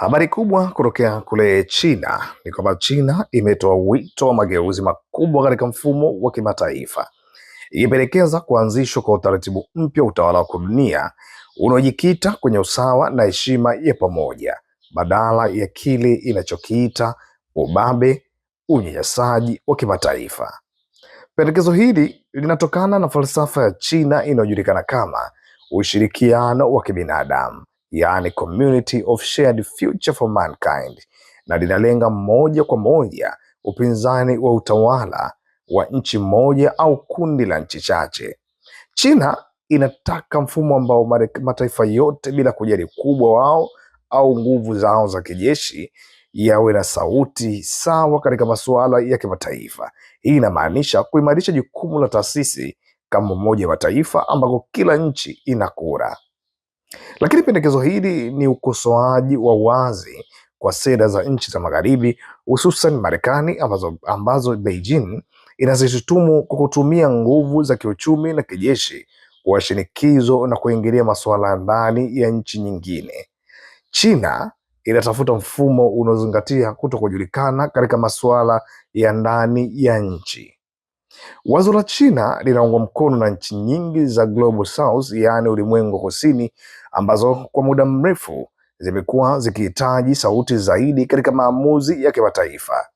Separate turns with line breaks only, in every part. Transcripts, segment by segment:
Habari kubwa kutokea kule China ni kwamba China imetoa wito wa mageuzi makubwa katika mfumo wa kimataifa ikipendekeza kuanzishwa kwa utaratibu mpya wa utawala wa kidunia unaojikita kwenye usawa na heshima ya pamoja badala ya kile inachokiita ubabe, unyanyasaji wa kimataifa. Pendekezo hili linatokana na falsafa ya China inayojulikana kama ushirikiano wa kibinadamu yaani Community of Shared Future for Mankind, na linalenga moja kwa moja upinzani wa utawala wa nchi moja au kundi la nchi chache. China inataka mfumo ambao mataifa yote bila kujali kubwa wao au nguvu zao za kijeshi yawe na sauti sawa katika masuala ya kimataifa. Hii inamaanisha kuimarisha jukumu la taasisi kama Umoja wa Mataifa ambako kila nchi ina kura. Lakini pendekezo hili ni ukosoaji wa wazi kwa sera za nchi za Magharibi, hususan Marekani ambazo, ambazo Beijing inazishutumu kwa kutumia nguvu za kiuchumi na kijeshi kwa shinikizo na kuingilia masuala ya ndani ya nchi nyingine. China inatafuta mfumo unaozingatia kuto kujulikana katika masuala ya ndani ya nchi. Wazo la China linaungwa mkono na nchi nyingi za Global South, yaani ulimwengu wa kusini, ambazo kwa muda mrefu zimekuwa zikihitaji sauti zaidi katika maamuzi ya kimataifa.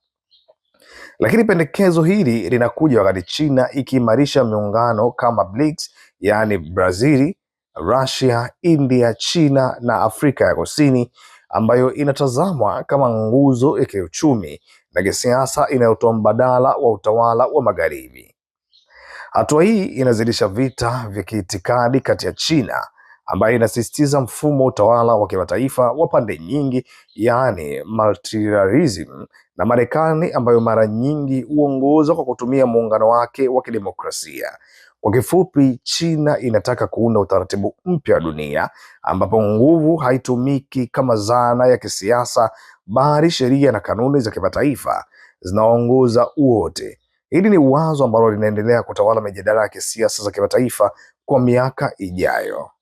Lakini pendekezo hili linakuja wakati China ikiimarisha miungano kama BRICS, yaani Brazil, Russia, India, China na Afrika ya Kusini ambayo inatazamwa kama nguzo ya kiuchumi na kisiasa inayotoa mbadala wa utawala wa magharibi. Hatua hii inazidisha vita vya kiitikadi kati ya China ambayo inasisitiza mfumo wa utawala wa kimataifa wa pande nyingi, yaani multilateralism, na Marekani ambayo mara nyingi huongoza kwa kutumia muungano wake wa kidemokrasia kwa kifupi, China inataka kuunda utaratibu mpya wa dunia ambapo nguvu haitumiki kama zana ya kisiasa, bali sheria na kanuni za kimataifa zinaongoza wote. Hili ni wazo ambalo linaendelea kutawala mijadala ya kisiasa za kimataifa kwa miaka ijayo.